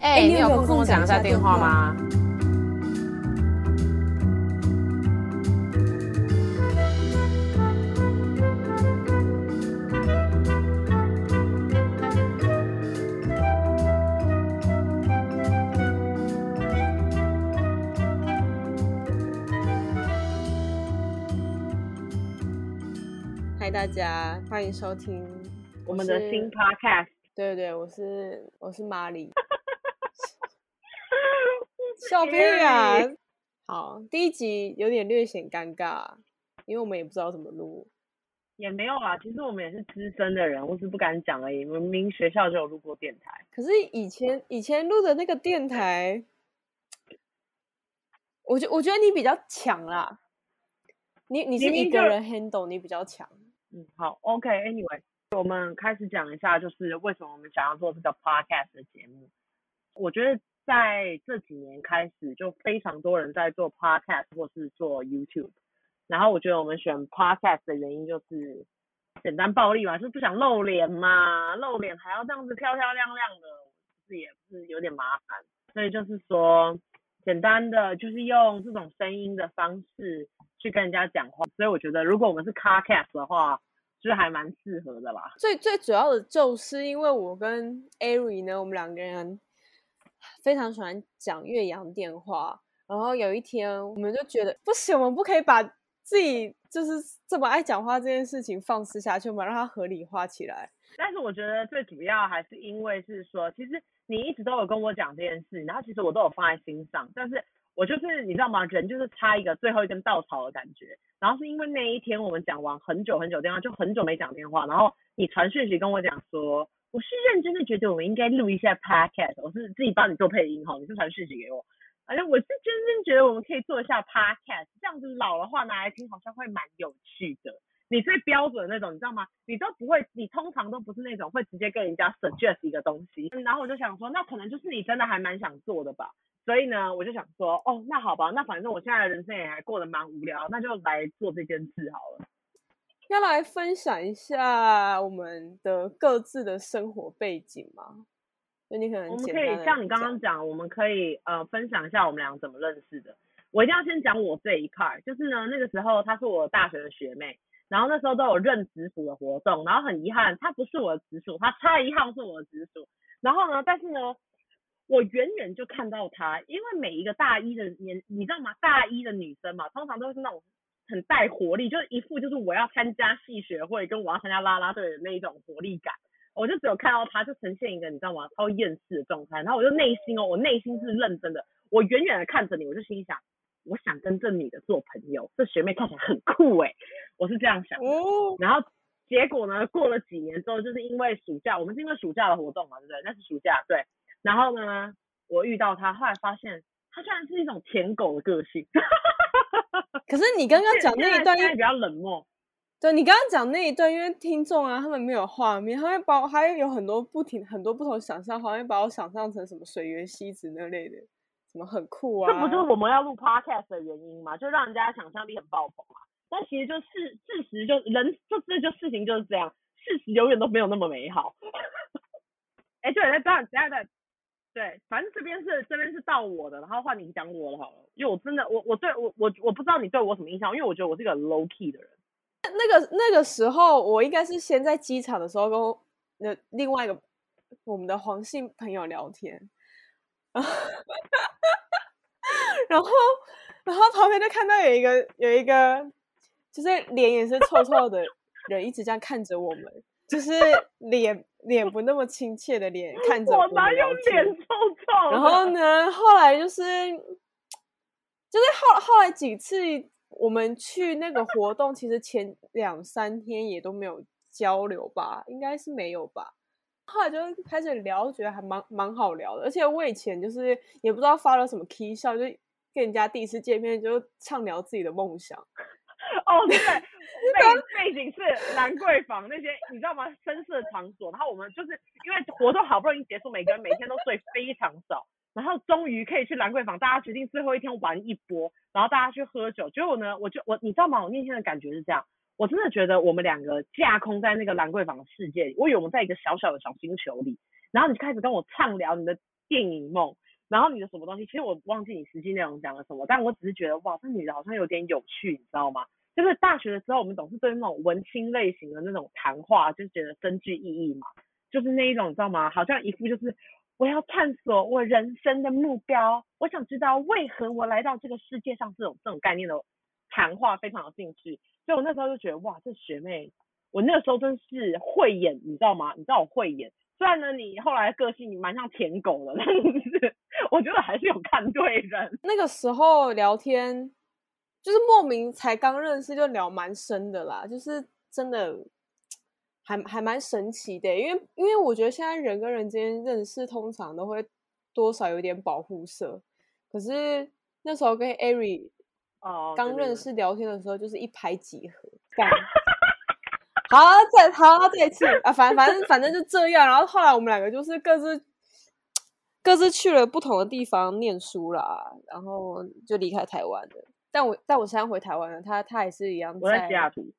哎、欸欸，你有空跟我講一下電話嗎？嗨，大家，歡迎收聽我，我們的新 Podcast。對對，我是我是瑪麗。笑屁 啊！好，第一集有點略顯尷尬，因為我們也不知道怎麼錄，也沒有啊。其實我們也是資深的人，我只是不敢講而已。我明明學校就有錄過電台，可是以前以前錄的那個電台，我覺我覺得你比較強啦，你你是一個人 handle，明明你比較強。嗯，好，OK，Anyway。Okay, anyway 我們開始講一下，就是為什麼我們想要做這個 podcast 的節目。我覺得在這幾年開始，就非常多人在做 podcast 或是做 YouTube。然後我覺得我們選 podcast 的原因就是簡單暴力嘛，是不想露臉嘛，露臉還要這樣子漂漂亮亮的，是也不是有點麻煩，所以就是說，簡單的就是用這種聲音的方式去跟人家講話。所以我覺得，如果我們是 podcast 的話，其實還蠻適合的吧。最最主要的，就是因為我跟 Ari 呢，我們兩個人非常喜歡講越洋電話。然後有一天，我們就覺得不行，我們不可以把自己就是這麼愛講話這件事情放肆下去，我們讓它合理化起來。但是我覺得最主要還是因為是說，其實你一直都有跟我講這件事，然後其實我都有放在心上，但是。我就是，你知道嗎？人就是差一個最後一根稻草的感覺。然後是因為那一天我們講完很久很久電話，就很久沒講電話。然後你傳訊息跟我講說，我是認真的覺得我們應該錄一下 Podcast。我是自己幫你做配音哈，你是傳訊息給我。反正我是真的覺得我們可以做一下 Podcast，這樣子老的話拿來聽好像會蠻有趣的。你最標準的那種，你知道嗎？你都不會，你通常都不是那種會直接跟人家 suggest 一個東西。嗯，然後我就想說，那可能就是你真的還蠻想做的吧。所以呢，我就想說，哦，那好吧，那反正我現在人生也還過得蠻無聊，那就來做這件事好了。要來分享一下我們的各自的生活背景嗎？所以你可能我們可以像你剛剛講，我們可以呃分享一下我們倆怎麼認識的。我一定要先講我這一塊，就是呢，那個時候她是我大學的學妹。然後那時候都有認直屬的活動，然後很遺憾，他不是我的直屬，他差一號是我的直屬。然後呢，但是呢，我遠遠就看到他，因為每一個大一的年，你知道嗎？大一的女生嘛，通常都是那種很帶活力，就是一副就是我要參加系學會跟我要參加啦啦隊的那一種活力感。我就只有看到他就呈現一個你知道嗎？超厭世的狀態。然後我就內心哦，我內心是認真的，我遠遠的看着你，我就心裡想。我想跟這女的做朋友，這學妹看起來很酷哎、欸，我是這樣想。Oh. 然後結果呢？過了幾年之後，就是因為暑假，我們是因為暑假的活動嘛，對不對？那是暑假，對。然後呢，我遇到她，後來發現她居然是一種舔狗的個性，哈哈哈哈哈哈。可是你剛剛講那一段，因為比較冷漠，對，你剛剛講那一段，因為聽眾啊，他們沒有畫面，他們把我還有很多不停很多不同想象，好像把我想象成什麼水原希子那類的。怎麼很酷啊？這不就是我們要錄 podcast 的原因嗎？就讓人家想象力很爆棚啊！但其實就事、是、事實就人就這、是、就事情就是這樣，事實永遠都沒有那麼美好。哎、 欸，對，那這樣，這樣子，對，反正這邊是這邊是到我的，然後換你講我的好了，因為我真的我我對我我我不知道你對我什麼印象，因為我覺得我是一個很 low key 的人。那、那個那個時候，我應該是先在機場的時候跟那另外一個我們的黃姓朋友聊天。然後，然後，然後旁邊就看到有一個，有一個，就是臉也是臭臭的人，一直這樣看着我們，就是臉臉不那麼親切的臉看着我們。我哪有臉臭臭？然後呢，後來就是，就是後後來幾次我們去那個活動，其實前兩三天也都沒有交流吧，應該是沒有吧。後來就開始聊，覺得還蠻蠻好聊的，而且我以前就是也不知道發了什麼 K 笑，就跟人家第一次見面就暢聊自己的夢想。哦，對， 背景背景是蘭桂坊那些，你知道嗎？聲色場所。然後我們就是因為活動好不容易結束，每個人每天都睡非常早，然後終於可以去蘭桂坊，大家決定最後一天玩一波，然後大家去喝酒。結果呢，我就我你知道嗎？我那天的感覺是這樣。我真的覺得我們兩個架空在那個蘭桂坊的世界裡，我以為我們在一個小小的小星球裡。然後你就開始跟我暢聊你的電影夢，然後你的什麼東西，其實我忘記你實際內容講了什麼，但我只是覺得哇，這女的好像有點有趣，你知道嗎？就是大學的時候，我們總是對那種文青類型的那種談話，就覺得深具意義嘛，就是那一種，你知道嗎？好像一副就是我要探索我人生的目標，我想知道為何我來到這個世界上，這種這種概念的。談話非常有興趣，所以我那時候就覺得哇，這學妹，我那時候真是慧眼，你知道嗎？你知道我慧眼，雖然呢，你後來的個性你蠻像舔狗的，但是我覺得還是有看對人。那個時候聊天，就是莫名才剛認識就聊蠻深的啦，就是真的還，還還蠻神奇的欸。因為因為我覺得現在人跟人之間認識通常都會多少有點保護色，可是那時候跟艾瑞。哦、oh，剛認識聊天的時候就是一拍即合， 幹。好，再好，這一次啊，反正反正反正就這樣。然後後來我們兩個就是各自各自去了不同的地方念書啦，然後就離開台灣了。但我但我現在回台灣了，他他也是一樣。我在西雅圖。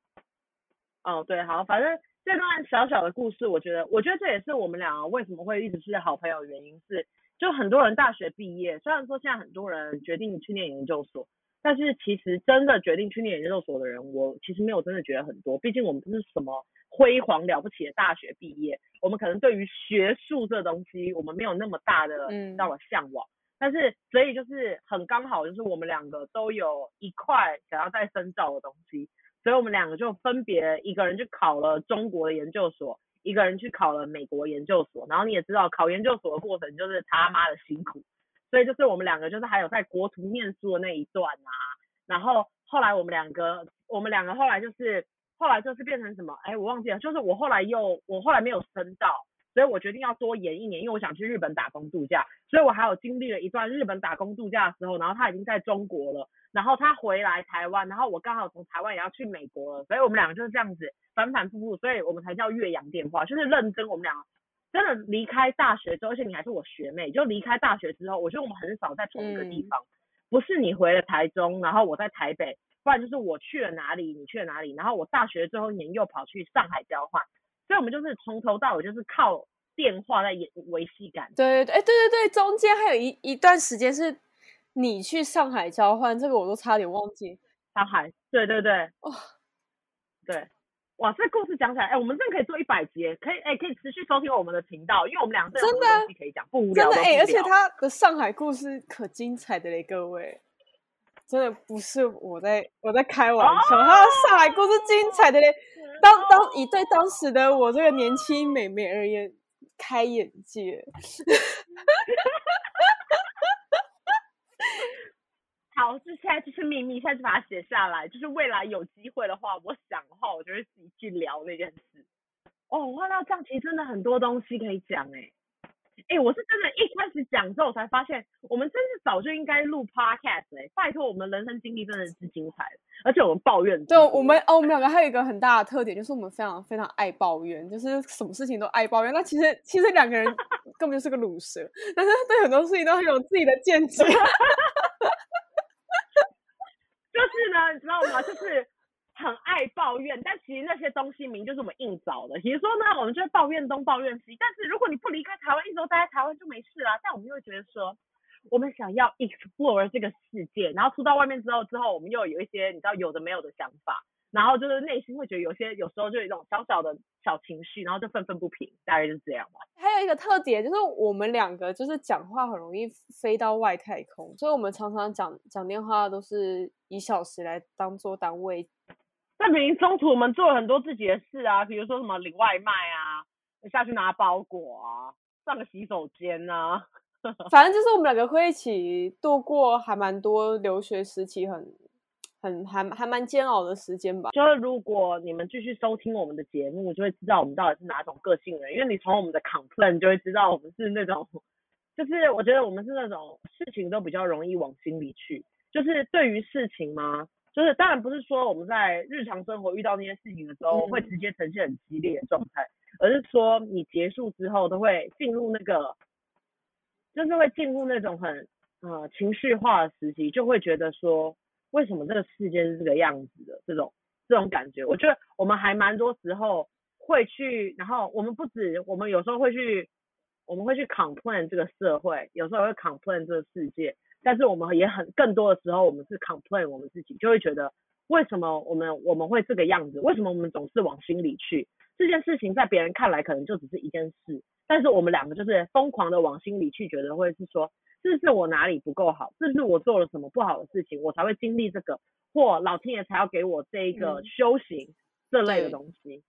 哦，對，好，反正這段小小的故事，我覺得，我覺得這也是我們倆為什麼會一直是好朋友，原因是就很多人大學畢業，雖然說現在很多人決定去念研究所。但是其實真的決定去念研究所的人，我其實沒有真的覺得很多。畢竟我們不是什麼輝煌了不起的大學畢業，我們可能對於學術這東西，我們沒有那麼大的嗯讓我向往、嗯。但是所以就是很剛好，就是我們兩個都有一塊想要再深造的東西，所以我們兩個就分別一個人去考了中國的研究所，一個人去考了美國研究所。然後你也知道，考研究所的過程就是他媽的辛苦。嗯所以就是我們兩個，就是還有在國圖念書的那一段啊，然後後來我們兩個，我們兩個後來就是，後來就是變成什麼？哎，我忘記了，就是我後來又，我後來沒有升到，所以我決定要多延一年，因為我想去日本打工度假，所以我還有經歷了一段日本打工度假的時候，然後他已經在中國了，然後他回來台灣，然後我剛好從台灣也要去美國了，所以我們兩個就是這樣子反反复复，所以我們才叫越洋電話，就是認真我們倆真的離開大學之後，而且你還是我學妹，就離開大學之後，我覺得我們很少在同一個地方，嗯。不是你回了台中，然後我在台北，不然就是我去了哪裡，你去了哪裡。然後我大學最後一年又跑去上海交換，所以我們就是從頭到尾就是靠電話在維繫感。對對對，哎對對對，中間還有一一段時間是你去上海交換，這個我都差點忘記。上海。對對對。哦。對。哇，這個故事講起來，哎，我們真的可以做一百集，可以，哎，可以持續收聽我們的頻道，因為我們兩個真的可以講，不無聊，無聊，真的哎，而且他的上海故事可精彩的嘞，各位，真的不是我在我在開玩笑，Oh! 他的上海故事精彩的嘞，Oh! 當當以對當時的我這個年輕美眉而言，開眼界。 好，就現在就是秘密，現在就把它寫下來。就是未來有機會的話，我想的話，我就會自己去聊那件事。哦，我看到這樣，其實真的很多東西可以講哎、欸。哎、欸，我是真的，一開始講之後，才發現，我們真是早就應該錄 Podcast 哎、欸，拜託，我們人生經歷真的是精彩，而且我們抱怨，對我們 哦，我們兩個還有一個很大的特點，就是我們非常非常愛抱怨，就是什麼事情都愛抱怨。那其實其實兩個人根本就是個魯蛇， 但是對很多事情都很有自己的見解。 知道嗎？就是很愛抱怨，但其實那些東西明明就是我們硬找的。比如說呢，我們就抱怨東抱怨西，但是如果你不離開台灣，一直都待在台灣就沒事啦。但我們又覺得說，我們想要 explore 這個世界，然後出到外面之後，之後我們又有一些你知道有的沒有的想法。然後就是內心會覺得有些，有時候就有一種小小的小情緒，然後就憤憤不平，大概就是這樣吧。還有一個特點就是我們兩個就是講話很容易飛到外太空，所以我們常常講講電話都是以小時來當做單位。那等於，中途我們做了很多自己的事啊，比如說什麼領外賣啊，下去拿包裹啊，上個洗手間啊， 反正就是我們兩個會一起度過還蠻多留學時期很很還還蠻煎熬的時間吧，就是如果你們繼續收聽我們的節目，就會知道我們到底是哪種個性人。因為你從我們的 complain 就會知道我們是那種，就是我覺得我們是那種事情都比較容易往心裡去。就是對於事情嘛，就是當然不是說我們在日常生活遇到那些事情的時候會直接呈現很激烈的狀態，嗯、而是說你結束之後都會進入那個，就是會進入那種很呃情緒化的時期，就會覺得說。為什麼這個世界是這個樣子的？這種這種感覺，我覺得我們還蠻多時候會去，然後我們不止，我們有時候會去，我們會去 complain 這個社會，有時候會 complain 這個世界，但是我們也很更多的時候，我們是 complain 我們自己，就會覺得為什麼我們我們會這個樣子？為什麼我們總是往心裡去？這件事情在別人看來可能就只是一件事，但是我們兩個就是瘋狂的往心裡去，覺得或者是說。這是我哪裡不夠好？這是我做了什麼不好的事情，我才會經歷這個，或老天爺才要給我這一個修行這類的東西。嗯、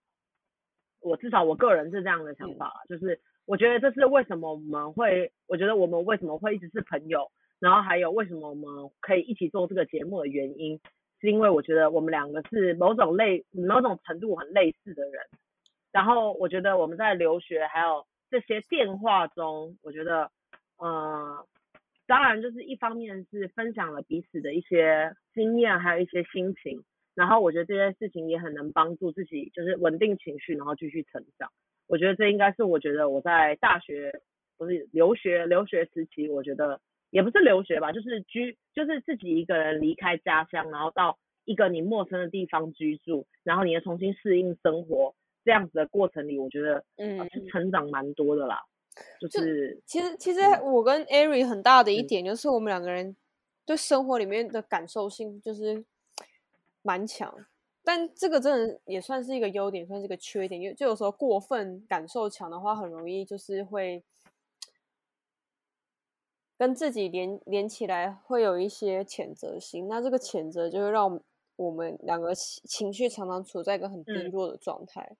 我至少我個人是這樣的想法、啊，就是我覺得這是為什麼我們會，我覺得我們為什麼會一直是朋友，然後還有為什麼我們可以一起做這個節目的原因，是因為我覺得我們兩個是某種類、某種程度很類似的人。然後我覺得我們在留學還有這些電話中，我覺得，呃。當然，就是一方面是分享了彼此的一些經驗，還有一些心情，然後我覺得這件事情也很能幫助自己，就是穩定情緒，然後繼續成長。我覺得這應該是我覺得我在大學不是留學，留學時期，我覺得也不是留學吧，就是居，就是自己一個人離開家鄉，然後到一個你陌生的地方居住，然後你要重新適應生活這樣子的過程裡，我覺得嗯，是成長蠻多的啦。嗯就是就其實其實我跟艾瑞很大的一點就是我們兩個人對生活裡面的感受性就是蠻強，但這個真的也算是一個優點，算是一個缺點，因為就有時候過分感受強的話，很容易就是會跟自己連連起來，會有一些譴責心。那這個譴責就會讓我們我們兩個情緒常常處在一個很低落的狀態。嗯、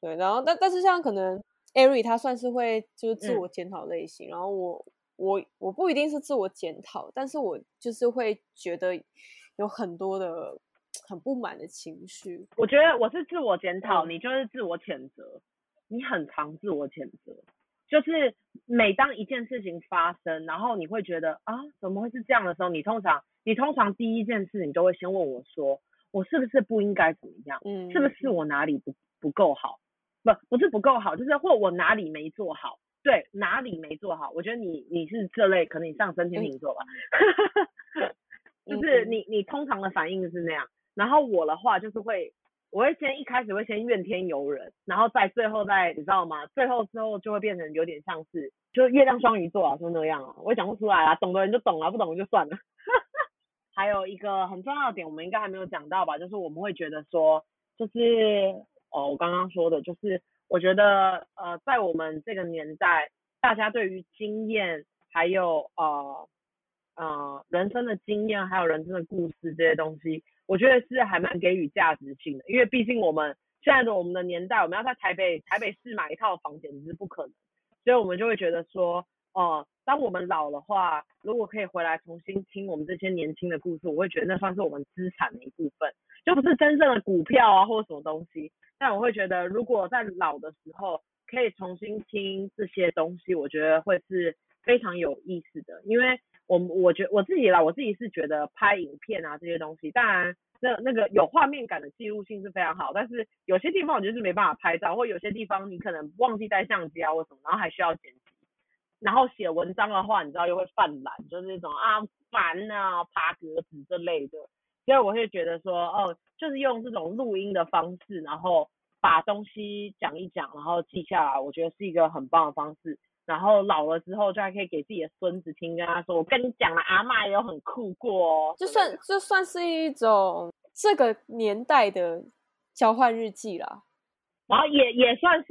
對，然後但但是像可能。艾瑞他算是會就是自我檢討類型，嗯，然後我我我不一定是自我檢討，但是我就是會覺得有很多的很不滿的情緒。我覺得我是自我檢討，嗯，你就是自我譴責，你很常自我譴責，就是每當一件事情發生，然後你會覺得啊怎麼會是這樣的時候，你通常你通常第一件事你都會先問我說，我是不是不應該怎麼樣？嗯，是不是我哪裡不不夠好？不不是不夠好，就是或我哪裡沒做好，對哪裡沒做好。我覺得你你是這類，可能你上升天秤座吧，嗯、 就是你你通常的反應是那樣。然後我的話就是會，我會先一開始會先怨天尤人，然後在最後再你知道嗎？最後之後就會變成有點像是就是月亮雙魚座啊，就那樣啊，我也講不出來啊，懂的人就懂了、啊，不懂就算了。 還有一個很重要的點，我們應該還沒有講到吧？就是我們會覺得說，就是。哦，我剛剛說的就是，我覺得呃，在我們這個年代，大家對於經驗還有呃呃人生的經驗，還有人生的故事這些東西，我覺得是還蠻給予價值性的，因為畢竟我們現在的我們的年代，我們要在台北台北市買一套房簡直是不可能，所以我們就會覺得說，哦、呃，當我們老的話，如果可以回來重新聽我們這些年輕的故事，我會覺得那算是我們資產的一部分，就不是真正的股票啊或者什麼東西。但我會覺得，如果在老的時候可以重新聽這些東西，我覺得會是非常有意思的。因為我我覺我自己啦，我自己是覺得拍影片啊這些東西，當然那那個有畫面感的記錄性是非常好，但是有些地方我覺得是沒辦法拍照，或有些地方你可能忘記帶相機啊或什麼，然後還需要剪輯。然後寫文章的話，你知道又會犯懶，就是那種啊煩啊，爬格子之類的。所以我會覺得說，哦，就是用這種錄音的方式，然後。把東西講一講，然後記下來，我覺得是一個很棒的方式。然後老了之後，就還可以給自己的孫子聽，跟他說：“我跟你講了，阿嬤也有很酷過哦。”就算就算是一種這個年代的交換日記了，然後也也算是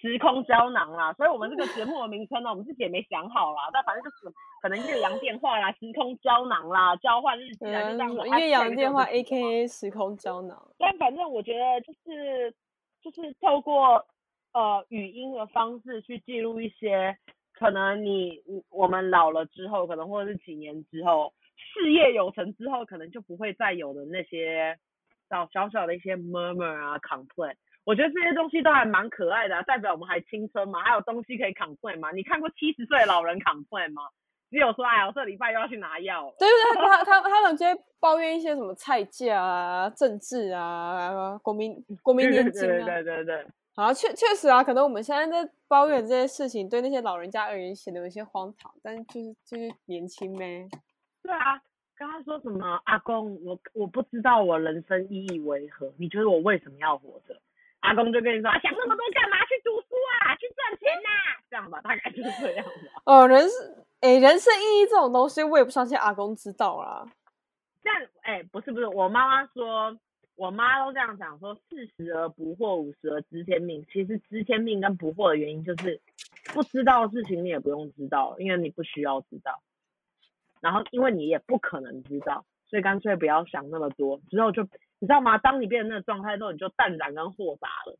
時空膠囊啦。所以，我們這個節目的名稱呢， 我們自己也沒想好啦，但反正就是可能“越洋電話”啦，“時空膠囊”啦，“交換日記啦”嗯、越洋電話啊，就讓“越洋電話 ”A K A 時空膠囊。但反正我覺得就是。就是透過呃語音的方式去記錄一些可能你我們老了之後，可能或者是幾年之後事業有成之後，可能就不會再有的那些小小小的一些 murmur 啊，complaint 我覺得這些東西都還蠻可愛的啊，代表我們還青春嘛，還有東西可以 complaint 嘛。你看過七十歲的老人 complaint 嗎？只有說、啊，哎呀，我這禮拜又要去拿藥。對不對，他他他，他們就會抱怨一些什麼菜價啊、政治啊、呃、國民國民年金啊。對對對，對對對，好，確確實啊，可能我們現在在抱怨這些事情，對那些老人家而言顯得有一些荒唐，但就是就是年輕唄。對啊，剛剛說什麼阿公？我我不知道我人生意義為何？你覺得我為什麼要活着？阿公就跟你說，想那麼多幹嘛？去讀書啊，去賺錢吶。這樣吧，大概就是這樣子。哦、呃，人生。哎、欸，人生意義這種東西，我也不相信阿公知道啦、啊。但哎、欸，不是不是，我媽媽說，我媽都這樣講，說四十而不惑，五十而知天命。其實知天命跟不惑的原因就是，不知道的事情你也不用知道，因為你不需要知道。然後因為你也不可能知道，所以乾脆不要想那麼多。之後就，你知道嗎？當你變成那個狀態之後，你就淡然跟豁達了。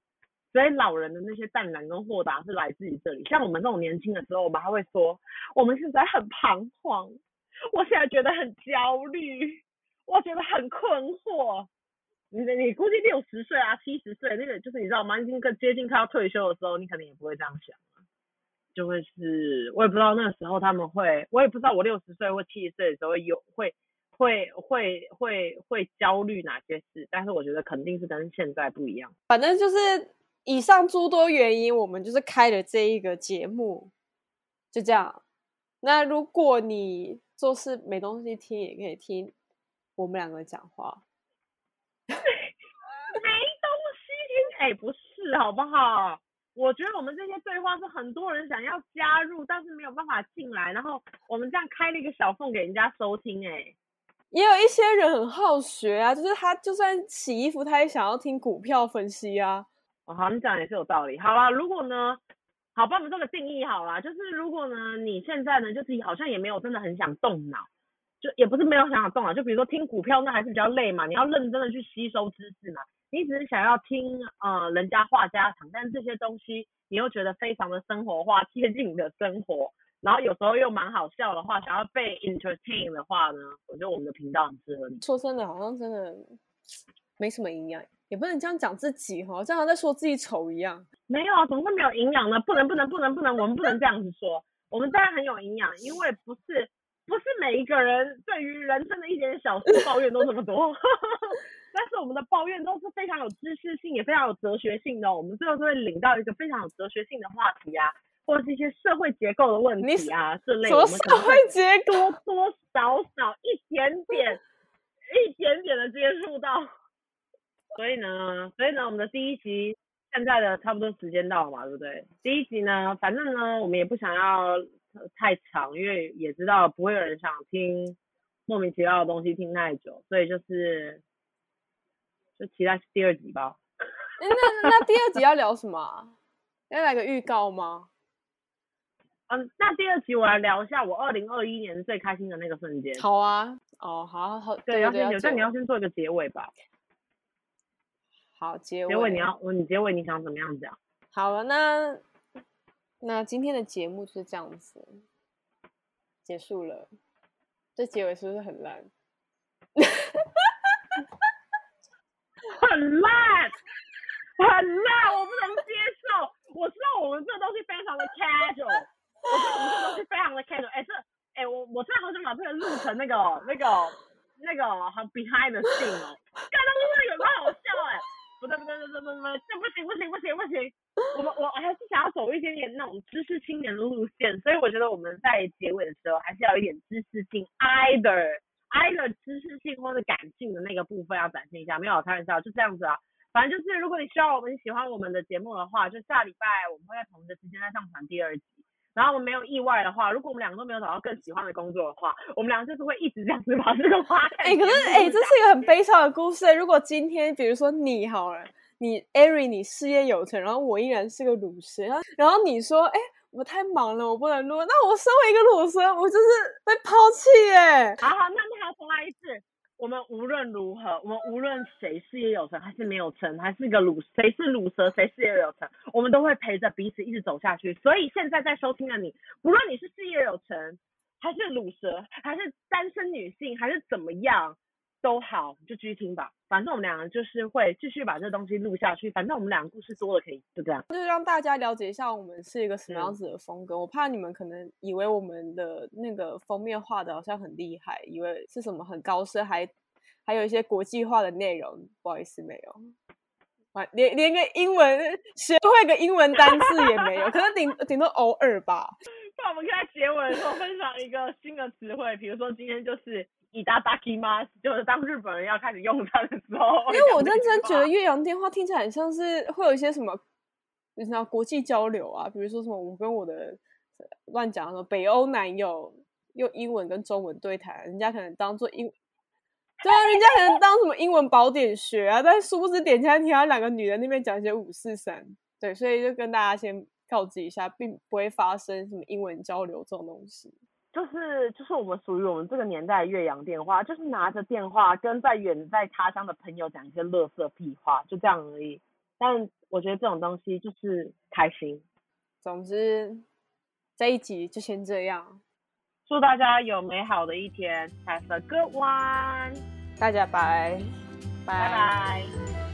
所以老人的那些淡然跟豁達是來自於這裡。像我們這種年輕的時候，我們還會說我們現在很彷徨，我現在覺得很焦慮，我覺得很困惑。你你估計六十歲啊、七十歲那個，就是你知道嗎？已經接近快要退休的時候，你肯定也不會這樣想就會是。我也不知道那時候他們會，我也不知道我六十歲或七十歲的時候有會會會會會會焦慮哪些事，但是我覺得肯定是跟現在不一樣。反正就是。以上諸多原因，我們就是開了這一個節目，就這樣。那如果你做事沒東西聽，也可以聽我們兩個講話。沒東西聽？誒、欸、不是，好不好？我覺得我們這些對話是很多人想要加入，但是沒有辦法進來，然後我們這樣開了一個小縫給人家收聽、欸。誒也有一些人很好學啊，就是他就算洗衣服，他也想要聽股票分析啊。哦，好，你講也是有道理。好啦，如果呢，好，幫我們做個定義好啦，就是如果呢，你現在呢，就是好像也沒有真的很想動腦，就也不是沒有想要動腦，就比如說聽股票那還是比較累嘛，你要認真的去吸收知識嘛。你只是想要聽呃人家話家常，但這些東西你又覺得非常的生活化、貼近你的生活，然後有時候又蠻好笑的話，想要被 entertain 的話呢，我覺得我們的頻道很適合你。說真的，好像真的沒什麼營養。也不能這樣講自己哈，這樣在說自己醜一樣。沒有啊，怎麼會沒有營養呢？不能不能不能不能，我們不能這樣子說，我們當然很有營養，因為不是不是每一個人對於人生的一點小事抱怨都那麼多。 但是我們的抱怨都是非常有知識性，也非常有哲學性的。我們最後都會領到一個非常有哲學性的話題啊，或者是一些社會結構的問題啊這類。什麼社會結構會多多少少一點點， 一點點的接觸到。所以呢，所以呢，我們的第一集現在的差不多時間到了嘛，對不對？第一集呢，反正呢，我們也不想要太長，因為也知道不會有人想聽莫名其妙的東西聽太久，所以就是就期待第二集吧。欸，那那第二集要聊什麼？ 要來個預告嗎？嗯，那第二集我來聊一下我二零二一年最開心的那個瞬間。好啊，哦，好，好，好對，對，對，對，要先有。但你要先做一個結尾吧。好結尾、結尾，你要你結尾你想怎麼樣講？好了，呢。那今天的節目就是這樣子，結束了。這結尾是不是很爛？很爛，很爛，我不能接受。我知道我們這東西非常的 casual， 我知道我們這東西非常的 casual。哎、欸，這哎、欸、我我真的好想把這個錄成那個那個那個很 behind the scene 哦。 這 不行不行不行不行,不行，我們我我還是想要走一點點那種知識青年的路線，所以我覺得我們在結尾的時候還是要有一點知識性，either either 知識性或者感性的那個部分要展現一下。沒有開玩笑，就這樣子啊。反正就是，如果你需要我們喜歡我們的節目的話，就下禮拜我們會在同一個時間再上傳第二集。然後我們沒有意外的話，如果我們兩個都沒有找到更喜歡的工作的話，我們兩個就是會一直這樣子把這個拉。哎，可是哎、欸，這是一個很悲傷的故事、欸。如果今天，比如說你好了。你艾瑞，你事業有成，然後我依然是個魯蛇，然後，你說，哎、欸，我太忙了，我不能錄，那我身為一個魯蛇，我就是被拋棄，哎，好好，那麼要重來一次，我們無論如何，我們無論誰事業有成，還是沒有成，還是個魯，誰是魯蛇，誰事業有成，我們都會陪着彼此一直走下去。所以現在在收聽的你，無論你是事業有成，還是魯蛇，還是單身女性，還是怎麼樣。都好，就繼續聽吧。反正我們兩個就是會繼續把這東西錄下去。反正我們兩個故事多了，可以就這樣。就是讓大家了解一下我們是一個什麼樣子的風格。嗯、我怕你們可能以為我們的那個封面畫的好像很厲害，以為是什麼很高深，還還有一些國際化的內容。不好意思，沒有，連連個英文學會個英文單字也沒有， 可能頂頂多偶爾吧。那我們可以在結尾的時候分享一個新的詞彙，比 如說今天就是。itadakimasu 就是當日本人要開始用餐的時候。因為我認真正覺得越洋電話聽起來很像是會有一些什麼，你知道國際交流啊，比如說什麼我跟我的亂講什麼北歐男友用英文跟中文對談，人家可能當做英， 對啊，人家可能當什麼英文寶典學啊，但殊不知點進來聽到兩個女人那邊講一些五四三，對，所以就跟大家先告知一下，並不會發生什麼英文交流這種東西。就是就是我們屬於我們這個年代的越洋電話，就是拿着電話跟在遠在他鄉的朋友講一些垃圾屁話，就這樣而已。但我覺得這種東西就是開心。總之這一集就先這樣，祝大家有美好的一天，Have a good one，大家拜拜拜。